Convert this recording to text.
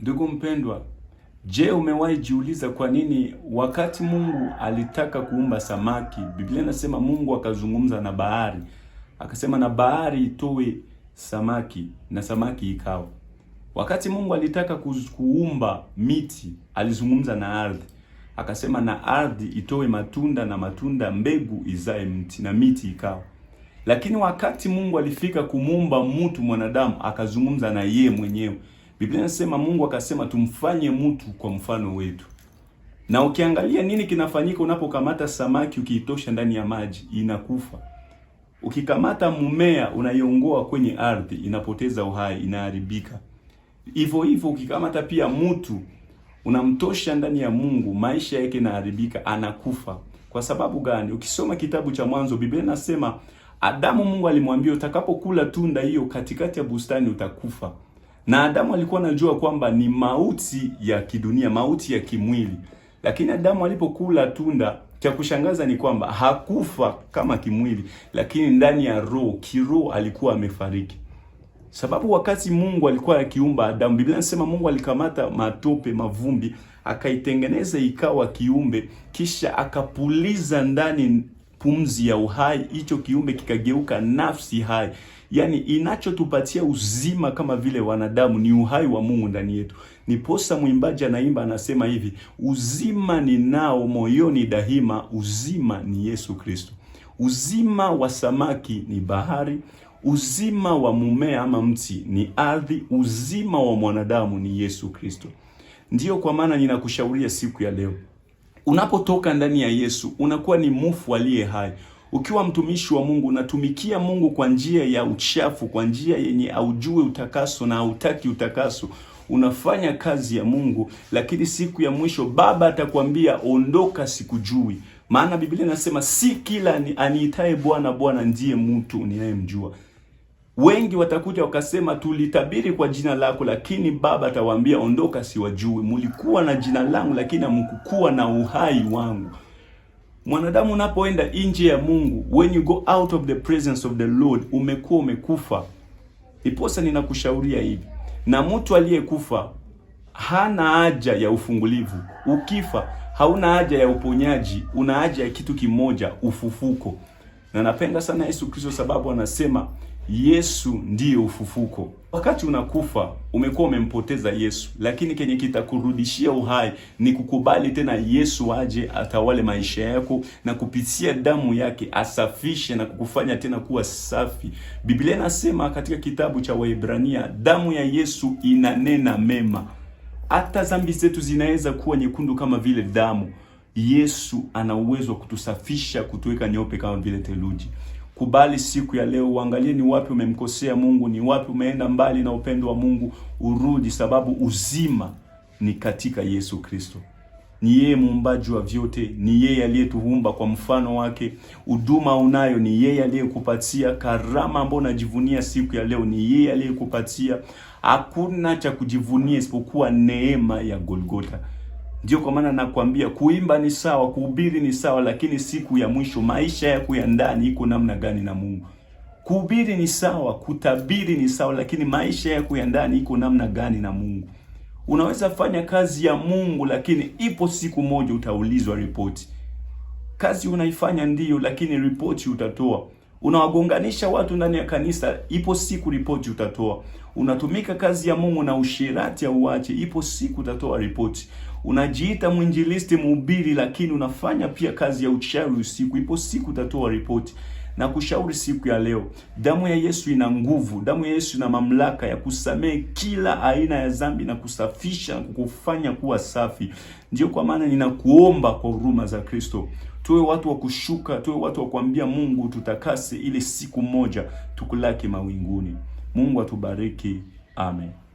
Ndugu mpendwa, je, umewahi jiuliza kwa nini wakati Mungu alitaka kuumba samaki, Biblia inasema Mungu akazungumza na bahari, akasema na bahari itoe samaki, na samaki ikawa. Wakati Mungu alitaka kuumba miti, alizungumza na ardhi, akasema na ardhi itoe matunda, na matunda mbegu izae mti, na miti ikawa. Lakini wakati Mungu alifika kumuumba mtu mwanadamu, akazungumza na yeye mwenyewe Biblia inasema Mungu akasema tumfanye mtu kwa mfano wetu. Na ukiangalia nini kinafanyika unapokamata samaki ukiitosha ndani ya maji inakufa. Ukikamata mmea unaiongoa kwenye ardhi inapoteza uhai, inaharibika. Hivyo hivyo ukikamata pia mtu unamtosha ndani ya Mungu, maisha yake inaharibika, anakufa. Kwa sababu gani? Ukisoma kitabu cha Mwanzo, Biblia inasema Adamu, Mungu alimwambia utakapokula tunda hiyo katikati ya bustani utakufa na Adamu alikuwa anajua kwamba ni mauti ya kidunia, mauti ya kimwili, lakini Adamu alipokula tunda, cha kushangaza ni kwamba hakufa kama kimwili, lakini ndani ya roho, kiroho alikuwa amefariki. Sababu wakati Mungu alikuwa akiumba Adamu, Biblia inasema Mungu alikamata matope, mavumbi, akaitengeneza ikawa kiumbe, kisha akapuliza ndani pumzi ya uhai, hicho kiumbe kikageuka nafsi hai. Yaani, inachotupatia uzima kama vile wanadamu ni uhai wa Mungu ndani yetu. ni posa mwimbaji anaimba anasema hivi, uzima ninao moyoni daima, uzima ni Yesu Kristo. Uzima wa samaki ni bahari, uzima wa mumea ama mti ni ardhi, uzima wa mwanadamu ni Yesu Kristo. Ndiyo kwa maana ninakushauria siku ya leo Unapotoka ndani ya Yesu unakuwa ni mufu aliye hai. Ukiwa mtumishi wa Mungu unatumikia Mungu kwa njia ya uchafu, kwa njia yenye aujue utakaso na hautaki utakaso. Unafanya kazi ya Mungu, lakini siku ya mwisho Baba atakwambia ondoka, sikujui. Maana Biblia inasema si kila aniitaye Bwana Bwana ndiye mtu ninayemjua wengi watakuja wakasema, tulitabiri kwa jina lako, lakini Baba atawaambia ondoka, siwajui. Mlikuwa na jina langu, lakini hamkukuwa na uhai wangu. Mwanadamu unapoenda nje ya Mungu, when you go out of the presence of the Lord, umekuwa umekufa. Iposa ninakushauria hivi, na mtu aliyekufa hana haja ya ufungulivu. Ukifa hauna haja ya uponyaji, una haja ya kitu kimoja, ufufuko. Na napenda sana Yesu Kristo sababu anasema Yesu ndiye ufufuko. Wakati unakufa umekuwa umempoteza Yesu, lakini kenye kitakurudishia uhai ni kukubali tena Yesu aje atawale maisha yako na kupitia damu yake asafishe na kukufanya tena kuwa safi. Biblia inasema katika kitabu cha Waebrania, damu ya Yesu inanena mema. Hata dhambi zetu zinaweza kuwa nyekundu kama vile damu. Yesu ana uwezo wa kutusafisha, kutuweka nyeupe kama vile theluji kubali siku ya leo, uangalie ni wapi umemkosea Mungu, ni wapi umeenda mbali na upendo wa Mungu, urudi, sababu uzima ni katika Yesu Kristo. Ni yeye muumbaji wa vyote, ni yeye aliyetuumba kwa mfano wake. Huduma unayo ni yeye aliyekupatia. Karama ambayo unajivunia siku ya leo ni yeye aliyekupatia. Hakuna cha kujivunia isipokuwa neema ya Golgotha. Ndio kwa maana nakwambia kuimba ni sawa, kuhubiri ni sawa, lakini siku ya mwisho maisha yako ya ndani iko namna gani na Mungu? Kuhubiri ni sawa, kutabiri ni sawa, lakini maisha yako ya ndani iko namna gani na Mungu? Unaweza fanya kazi ya Mungu, lakini ipo siku moja utaulizwa ripoti. Kazi unaifanya ndiyo, lakini ripoti utatoa. Unawagonganisha watu ndani ya kanisa, ipo siku ripoti utatoa. Unatumika kazi ya Mungu na ushirati ya uache, ipo siku utatoa ripoti. Unajiita mwinjilisti, mhubiri, lakini unafanya pia kazi ya uchawi usiku. Ipo siku utatoa ripoti na kushauri siku ya leo, damu ya Yesu ina nguvu. Damu ya Yesu ina mamlaka ya kusamehe kila aina ya dhambi na kusafisha na kukufanya kuwa safi. ndio kwa maana ninakuomba kwa huruma za Kristo, tuwe watu wa kushuka, tuwe watu wa kuambia Mungu tutakase, ili siku moja tukulaki mawinguni. Mungu atubariki, amen.